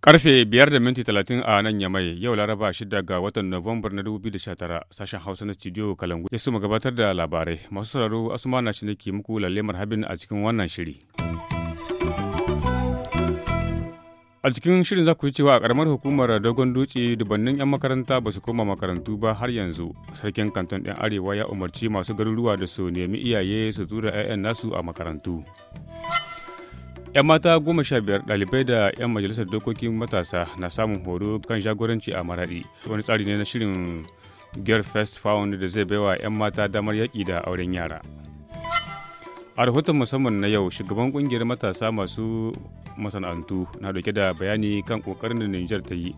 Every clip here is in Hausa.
karfe 5 da minti talatin a nan yamai yau laraba 6 ga watan nuwambar na 2019 sashen hausa na studio kalangu ya suma gabatar da labarai masu sauraro asuma na shi nake muku lalle marhabin a cikin wannan shiri. a cikin shirin za ku ji cewa a karamar hukumar dogon dutse dubannin 'yan makaranta ba su koma makarantu ba har yanzu sarkin kanton ɗin arewa ya umarci masu garuruwa da su nemi iyaye su tura 'ya'yan nasu a makarantu 'yan mata goma sha biyar ɗalibai da 'yan majalisar dokokin matasa na samun horo kan jagoranci a maraɗi wani tsari ne na shirin girl first found da zai baiwa 'yan mata damar yaƙi da auren yara a rahoton musamman na yau shugaban kungiyar matasa masu masana'antu na dauke da bayani kan kokarin da niger ta yi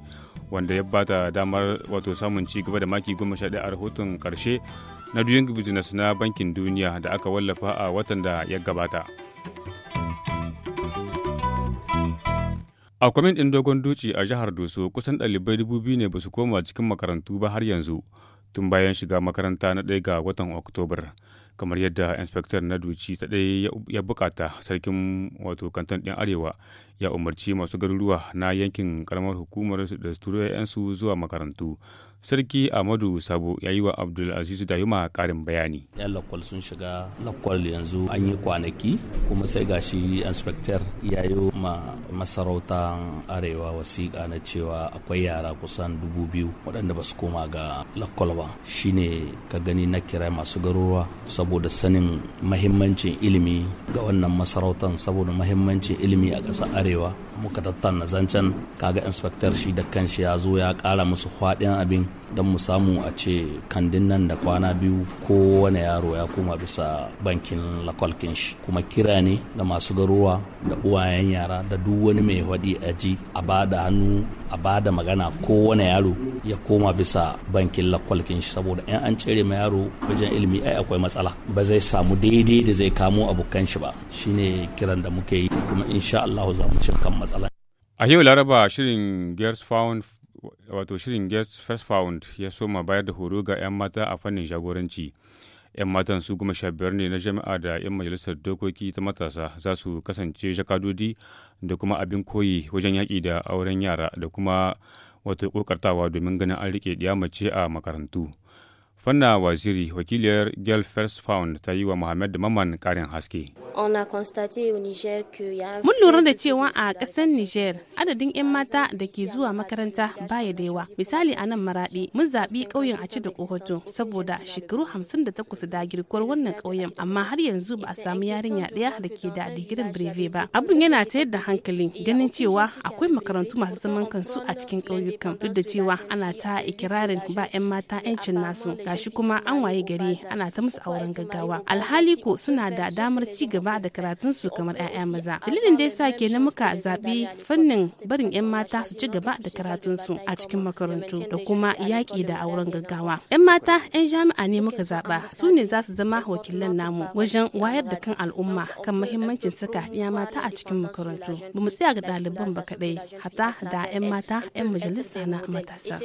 wanda ya bata damar wato samun ci gaba da maki goma sha a rahoton karshe na doing business na bankin duniya da aka wallafa a watan da ya gabata a kwamin ɗin dogon duci a jihar doso kusan ɗalibai dubu biyu ne ba su koma cikin makarantu ba har yanzu tun bayan shiga makaranta na ɗaya ga watan oktobar kamar yadda inspector nadwichi ta ya, ya bukata sarkin wato kantin din arewa ya umarci masu garuruwa na yankin karamar hukumar da su yansu zuwa makarantu sarki amadu sabo ya yi wa abdulaziz dayuma karin bayani yan lakwal sun shiga lakwal yanzu an yi kwanaki kuma sai gashi inspector ya yi ma masarautar arewa wasiƙa na cewa akwai yara kusan dubu biyu waɗanda ba su koma ga lakwal ba shine ka gani na kira masu garuruwa saboda sanin mahimmancin ilimi ga wannan masarautar saboda mahimmancin ilimi a ƙasa arewa muka tattauna zancen kaga inspector shi da kanshi ya zo ya kara musu faɗin abin don mu samu a ce kandin nan da kwana biyu kowane yaro ya koma bisa bankin lakwalkin shi kuma kira ne da masu garuwa da uwayen yara da duk wani mai hwaɗi a ji a ba da hannu a ba da magana kowane yaro ya koma bisa bankin lakwalkin shi saboda in an cire ma yaro wajen ilimi ai akwai matsala ba zai samu daidai da zai kamo abokan shi ba shine kiran da muke yi kuma insha Allah za mu cin kan matsala. A yau Laraba shirin Girls Found wato shirin Girls First Found ya soma bayar da horo ga 'yan mata a fannin jagoranci. 'Yan matan su goma sha biyar ne na jami'a da 'yan majalisar dokoki ta matasa za su kasance jakadodi da kuma abin koyi wajen yaƙi da auren yara da kuma wato ƙoƙartawa domin ganin an ɗiya mace a makarantu. Fanna Waziri wakiliyar first Found ta yi wa Muhammad Maman karin haske. Mun lura da cewa a ƙasar Niger adadin 'yan mata da ke zuwa makaranta baya da yawa. Misali a nan maraɗi mun zaɓi ƙauyen a da Kohoto saboda shekaru 58 da girkuwar wannan ƙauyen amma har yanzu ba a samu yarinya ɗaya da ke da digirin breve ba. abun yana tayar da hankali ganin cewa akwai makarantu masu zaman kansu a cikin ƙauyukan duk da cewa ana ta ikirarin ba 'yan mata 'yancin nasu. gashi kuma an waye gare ana ta musu auren gaggawa alhali ko suna da damar ci gaba da karatun su kamar 'ya'ya maza dalilin da yasa kenan muka zabi fannin barin 'yan mata su ci gaba da karatun su a cikin makarantu da kuma yaƙi da auren gaggawa 'yan mata 'yan jami'a ne muka zaba su ne za su zama wakilan namu wajen wayar da kan al'umma kan mahimmancin saka 'yan mata a cikin makarantu ba mu tsaya ga ɗaliban ba kaɗai hata da 'yan mata 'yan majalisa na matasa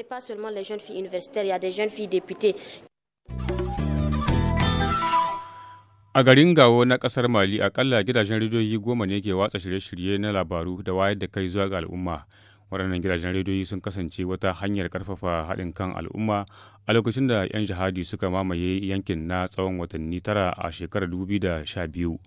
A garin Gawo na ƙasar Mali, akalla gidajen rediyoyi goma ne ke watsa shirye-shirye na labaru da wayar da kai zuwa ga al'umma. Waɗannan gidajen rediyoyi sun kasance wata hanyar ƙarfafa haɗin kan al'umma a lokacin da 'yan jihadi suka mamaye yankin na tsawon watanni tara a shekarar 2012.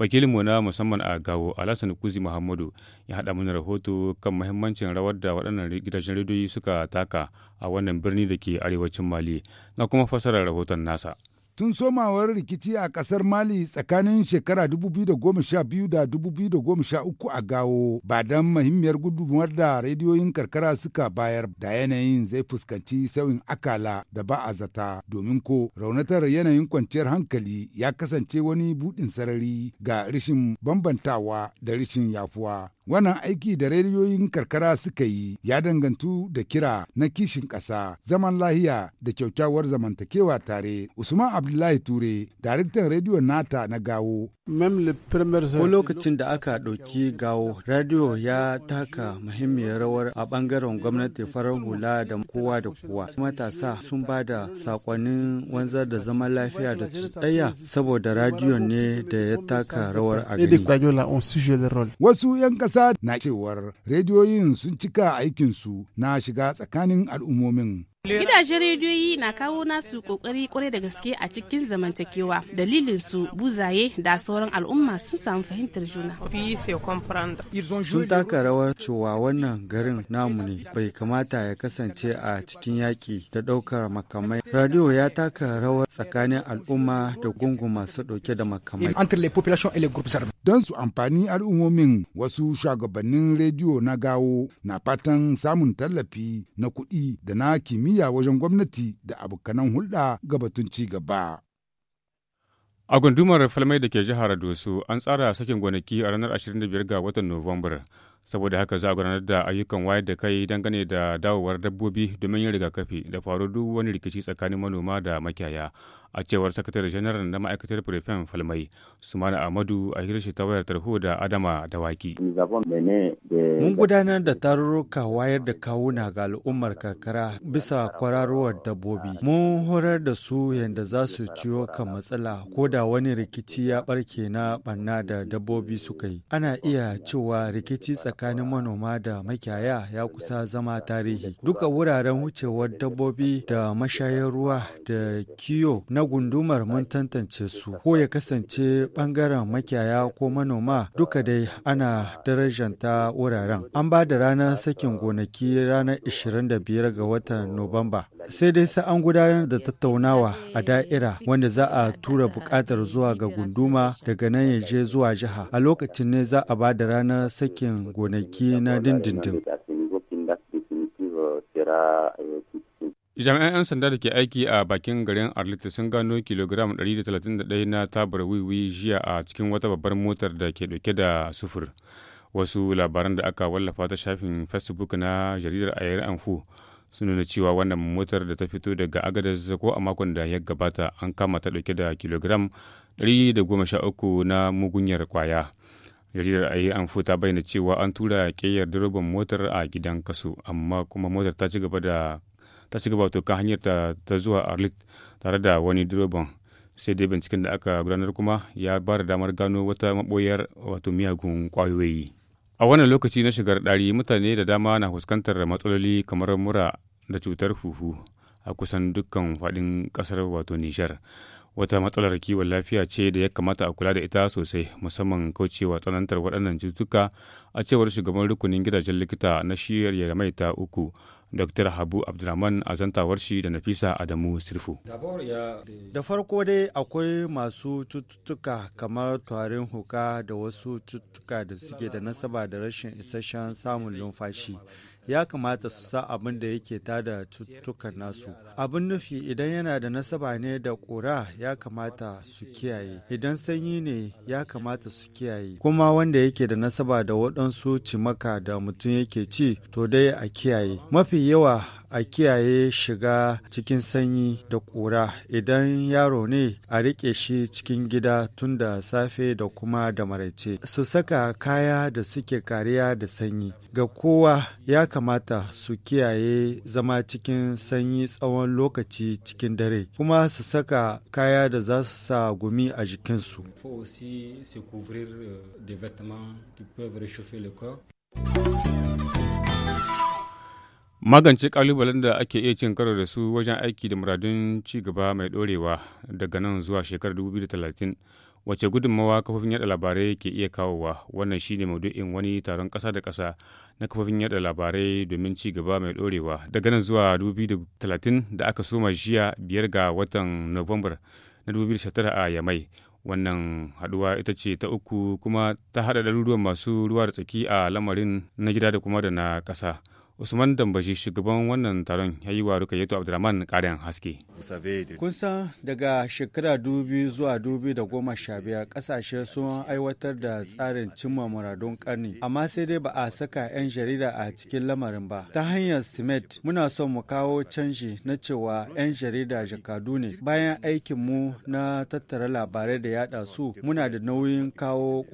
wakilinmu na musamman a gawo alasan kuzi muhammadu ya haɗa mana rahoto kan mahimmancin rawar da waɗannan gidajen rediyoyi suka taka a wannan birni da ke arewacin mali na kuma fasara rahoton nasa tun somawar rikici a kasar mali tsakanin shekara 2012 da 2013 a gawo ba don mahimmiyar gudunmuwar da rediyoyin karkara suka bayar da yanayin zai fuskanci sauyin akala da ba a zata domin ko raunatar yanayin kwanciyar hankali ya kasance wani buɗin sarari ga rishin bambantawa da rishin yafuwa Wannan aiki da rediyoyin karkara suka yi ya dangantu da kira na kishin ƙasa, zaman lahiya da kyaukyawar zamantakewa tare. Usman Abdullahi Ture, daraktan rediyo nata na gawo. Ko lokacin da aka ɗauki gawo, rediyo ya taka muhimmiyar rawar a ɓangaren gwamnati farar hula da kowa da kowa. Matasa sun ba da saƙonin wanzar da zaman lafiya da cuɗaya saboda radiyo ne da ya taka rawar a gani Wasu 'yan ƙasa Musa na cewar rediyoyin sun cika aikinsu na shiga tsakanin al'ummomin. Gidajen rediyoyi na kawo nasu kokari kwarai da gaske a cikin zamantakewa dalilin su buzaye da sauran al'umma sun samu fahimtar juna. Sun taka rawar cewa wannan garin namu ne bai kamata ya kasance a cikin yaƙi da ɗaukar makamai. radiyo ya taka rawar tsakanin al'umma da gungun masu ɗauke da makamai. don su amfani al'ummomin wasu shugabannin rediyo na gawo na fatan samun tallafi na kuɗi da na kimiyya wajen gwamnati da abokanan hulɗa ga batun ci gaba. A gundumar falmai da ke jihar Doso an tsara sakin gwanaki a ranar 25 ga watan Nuwambar saboda haka za a gudanar da ayyukan wayar da kai dangane da dawowar dabbobi domin yin rigakafi da faru duk wani rikici tsakanin manoma da makiyaya a cewar sakatare janar na ma'aikatar firfen falmai sumana amadu a hirshi ta wayar tarho da adama da waki mun gudanar da tarurruka wayar da kawuna ga al'ummar karkara bisa kwararowar dabbobi mun horar da su yadda za su ciwo kan matsala ko da wani rikici ya barke na banna da dabbobi suka yi ana iya cewa rikici tsakanin tsakanin manoma da makiyaya ya kusa zama tarihi. Duka wuraren wucewar dabbobi da mashayar ruwa da kiyo na gundumar mun tantance su ko ya kasance bangaren makiyaya ko manoma duka dai ana darajanta wuraren. An ba da ranar sakin gonaki ranar 25 ga watan Nuwamba. Sai dai sa an gudanar da tattaunawa a da'ira wanda za a tura bukatar zuwa ga gunduma daga nan ya je zuwa jiha. A lokacin ne za a ba da ranar sakin gonaki na dindindin. Eh, jami'an 'yan sanda da ke aiki a bakin garin arlita sun gano kilogram 131 na tabar wiwi jiya a cikin wata babbar motar da ke dauke da sufur wasu labaran da aka wallafa ta shafin facebook na jaridar ayar anfu sun nuna cewa wannan motar da ta fito daga agadez ko a makon da ya gabata an kama ta dauke da kilogram 113 na mugunyar kwaya jaridar yi an ta bayyana cewa an tura ƙeyar direban motar a gidan kasu amma kuma motar ta ci gaba da ta ci gaba kan hanyar ta, ta zuwa arlit tare da wani direban sai dai binciken da aka gudanar kuma ya ba da damar gano wata maboyar wato miyagun kwayoyi a wannan lokaci na shigar ɗari mutane da dama na fuskantar matsaloli kamar mura da cutar huhu a kusan dukkan faɗin ƙasar wato nishar wata matsalar kiwon lafiya ce da ya kamata a kula da ita sosai musamman kaucewa tsanantar waɗannan cututtuka a cewar shugaban rukunin gidajen likita na shiyar mai ta uku Dr. Habu Abdulrahman a zantawar shi da Nafisa Adamu Sirfu. Da farko dai akwai masu cututtuka kamar tarin huka da wasu cututtuka da suke da nasaba da rashin isasshen samun numfashi ya kamata su sa abin da yake tada cututtukan nasu abin nufi idan yana da nasaba ne da ƙura ya kamata su kiyaye idan sanyi ne ya kamata su kiyaye kuma wanda yake da nasaba da waɗansu cimaka da mutum yake ci to dai a kiyaye mafi yawa a kiyaye shiga cikin sanyi da ƙura idan yaro ne a riƙe shi cikin gida tun da safe da kuma da maraice su saka kaya da suke kariya da sanyi ga kowa ya kamata su kiyaye zama cikin sanyi tsawon lokaci cikin dare kuma su saka kaya da za su sa gumi a jikinsu Thank euh, you. Magance kalubalen da ake iya cin karo da su wajen aiki da muradun ci gaba mai dorewa daga nan zuwa shekarar 2030 wace gudunmawa kafofin yada labarai ke iya kawowa wannan shine maudu'in wani taron kasa da kasa na kafofin yada labarai domin ci gaba mai dorewa daga nan zuwa 2030 da aka soma jiya biyar ga watan novembar na 2019 a Yamai. wannan haduwa ita ce ta uku kuma ta haɗa daruruwan masu ruwa da tsaki a lamarin na gida da kuma da na kasa. Usman Dambashi shugaban wannan taron ya yi wa Rukayyatu Abdulrahman ƙarin haske. san daga shekara dubi zuwa dubi da goma sha biyar ƙasashe sun aiwatar da tsarin cimma muradun karni amma sai dai ba a saka 'yan jarida a cikin lamarin ba. Ta hanyar SMET muna son mu kawo canji na cewa 'yan jarida jakadu ne bayan aikin mu na tattara labarai da yada su muna da nauyin kawo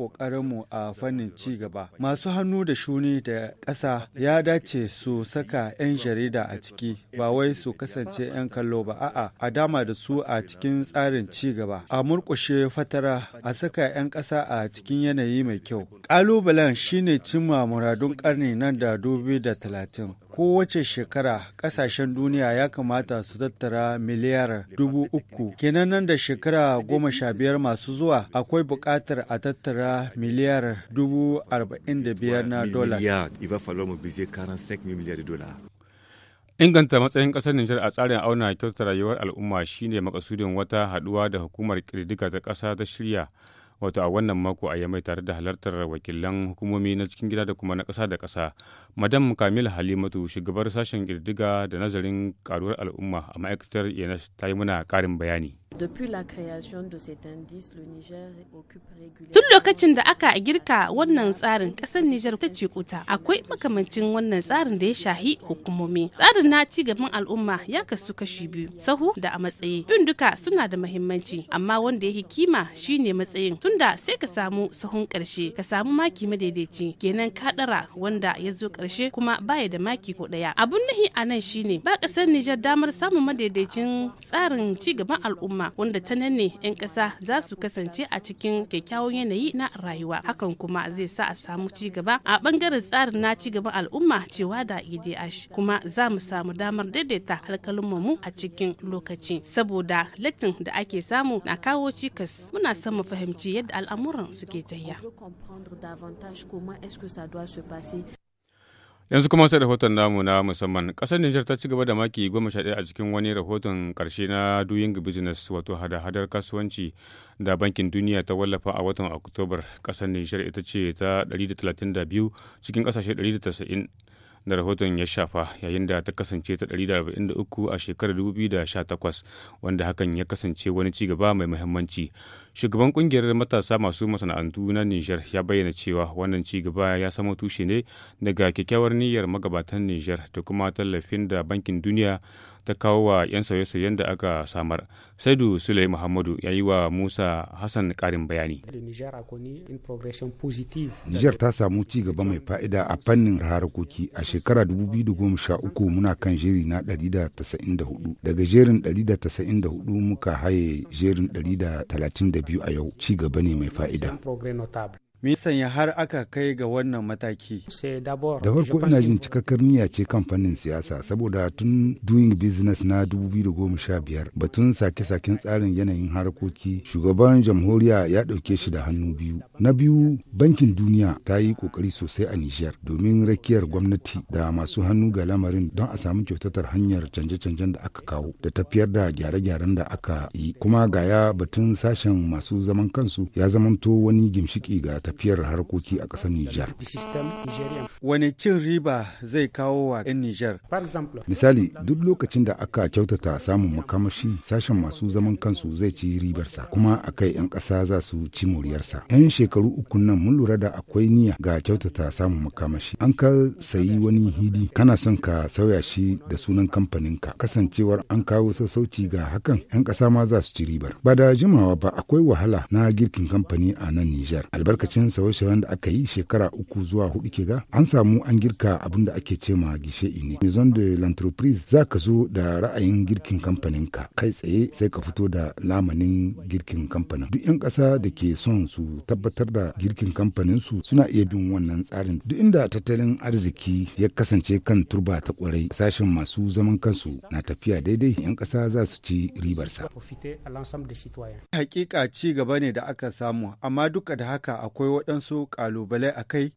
mu a fannin ci gaba. Masu hannu da shuni da ƙasa ya dace su saka 'yan jarida a ciki ba wai su kasance 'yan kallo ba a'a a dama da su a cikin tsarin ci gaba a murkushe fatara a saka 'yan ƙasa a cikin yanayi mai kyau ƙalubalen shine cimma muradun ƙarni nan da dubi da talatin kowace shekara kasashen duniya ya kamata su tattara miliyar dubu uku. Kenan nan da shekara goma sha biyar masu zuwa akwai bukatar a tattara miliyar dubu arba'in da biyar na dola. Inganta matsayin kasar Nijar a tsarin auna kyautar rayuwar al'umma shine makasudin wata haduwa da hukumar ƙirdiga ta ƙasa ta shirya wato a wannan mako a yamai tare da halartar wakilan hukumomi na cikin gida da kuma na kasa da kasa madam kamil halimatu shugabar sashen kirdiga da nazarin karuwar al'umma a ma'aikatar yanas ta yi muna ƙarin bayani Tun lokacin da aka girka wannan tsarin ƙasar Nijar ta ce kuta akwai makamancin wannan tsarin da ya shahi hukumomi. Tsarin na ci gaban al'umma ya kasu kashi biyu, sahu da a matsayi. Bin duka suna da mahimmanci, amma wanda ya kima shine matsayin. tunda sai ka samu sahun karshe ka samu maki madaidaici kenan ka wanda ya zo karshe kuma baya da maki ko daya abun nahi a nan shine ba kasar Nijar damar samun madaidaicin tsarin ci gaban al'umma wanda ta nan ne 'yan kasa za su kasance a cikin kyakkyawan yanayi na rayuwa hakan kuma zai sa a samu ci gaba a bangaren tsarin na ci gaban al'umma cewa da EDH kuma za mu samu damar daidaita alkalin mu a cikin lokaci saboda latin da ake samu na kawo cikas muna son mu fahimci yadda al'amuran suke tahiya. yanzu kuma sai rahoton namu na musamman kasar Nijar ta ci gaba da maki goma sha a cikin wani rahoton karshe na doing business wato hada-hadar kasuwanci da bankin duniya ta wallafa a watan oktobar kasar Nijar ita ce ta 132 cikin kasashe 190 da rahoton ya shafa yayin da ta kasance ta 143 a shekarar 2018 wanda hakan ya kasance wani ci gaba mai muhimmanci shugaban kungiyar matasa masu masana'antu na niger ya bayyana cewa wannan ci gaba ya samo tushe ne daga kyakkyawar niyyar magabatan niger da kuma tallafin da bankin duniya ta kawo wa 'yan sauye-sauyen da aka samar saidu sulai muhammadu ya yi wa musa hassan karin bayani nijar ta samu ci gaba mai fa'ida a fannin harkoki a shekara 2013 muna kan jeri na 194 daga jerin 194 muka haye jerin biyu a yau ci gaba ne mai fa'ida. Me sanya har aka kai ga wannan mataki? Da farko ina jin cikakkar niyya ce kamfanin siyasa saboda tun doing business na 2015 batun sake-saken tsarin yanayin harkoki shugaban jamhuriya ya ɗauke shi da hannu biyu. Na biyu bankin duniya ta yi kokari sosai a Nijar domin rakiyar gwamnati da masu hannu ga lamarin don a samu kyautatar hanyar canje-canjen da aka kawo da tafiyar da gyare-gyaren da aka yi kuma ga ya batun sashen masu zaman kansu ya zamanto wani gimshiki ga tafiyar harkoki a ƙasar Nijar. Wani cin riba zai kawo wa 'yan Nijar? Misali, duk lokacin da aka kyautata samun makamashi, sashen masu zaman kansu zai ci ribarsa, kuma a kai 'yan ƙasa za su ci moriyarsa. 'Yan shekaru uku nan mun lura da akwai niyya ga kyautata samun makamashi. An ka sayi wani hidi, kana son ka sauya shi da sunan kamfaninka. Kasancewar an kawo sassauci ga hakan, 'yan ƙasa ma za su ci ribar. Ba da jimawa ba akwai wahala na girkin kamfani a nan Nijar. Albarkacin lokacin sauye-sauyen da aka yi shekara uku zuwa hudu ke ga an samu an girka abin da ake ce ma gishe ne maison de l'entreprise za ka zo da ra'ayin girkin kamfanin ka kai tsaye sai ka fito da lamanin girkin kamfanin duk yan ƙasa da ke son su tabbatar da girkin kamfanin su suna iya bin wannan tsarin duk inda tattalin arziki ya kasance kan turba ta kwarai sashen masu zaman kansu na tafiya daidai yan ƙasa za su ci ribarsa hakika ci gaba ne da aka samu amma duka da haka akwai akwai waɗansu ƙalubale a kai?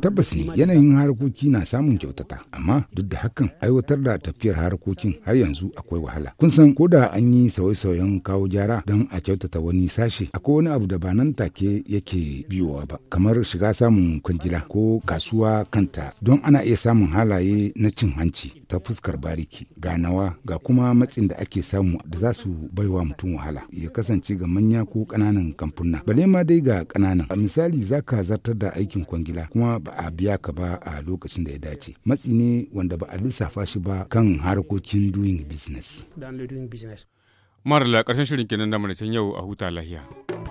Tabbas ne yanayin harkoki na samun kyautata, amma duk da hakan aiwatar da tafiyar harkokin har yanzu akwai wahala. Kun san ko da an yi sauye-sauyen kawo gyara don a kyautata wani sashe, akwai wani abu da ba nan take yake biyowa ba, kamar shiga samun kwangila ko kasuwa kanta don ana iya samun halaye na cin hanci. ta fuskar bariki ga nawa ga kuma matsin da ake samu da za su baiwa mutum wahala ya kasance ga manya ko kananan kamfuna bale ma dai ga kananan a misali za ka zartar da aikin kwangila kuma ba a biya ka ba a lokacin da ya dace matsi ne wanda ba a lissafa shi ba kan harkokin doing business. mar-e-la karshen shirin kenan da yau a huta lahiya.